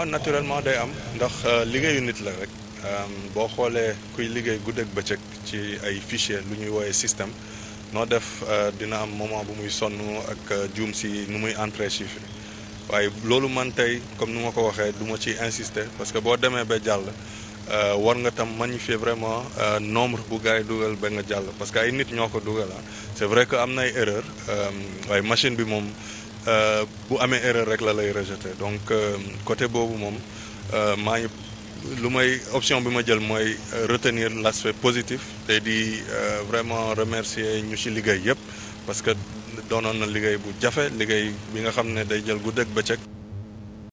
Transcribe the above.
ah naturellement day am ndax euh, liggéeyu nit la rek euh, boo xoolee kuy liggéey guddeeg bëccëg ci ay fichier lu ñuy woowee système noo def euh, dina am moment bu muy sonn ak juum si nu muy entré chiffre waaye loolu man tey comme ni ma ko waxee du ma ci insister parce que boo demee ba jàll war nga tam magnifier vraiment nombre bu gars yi dugal ba nga jàll parce que ay nit ñoo ko dugal ah c'est vrai que am na ay erreur waaye machine bi moom Euh, bu amee erreur rek la lay rejeter donc euh, côté boobu moom euh, maa ngi lu may option bi ma jël mooy retenir l'aspect positif te di vraiment remercier ñu ci liggéey yépp parce que doonoon na liggéey bu jafe liggéey bi nga xam ne day jël gu guddeeg bëccëg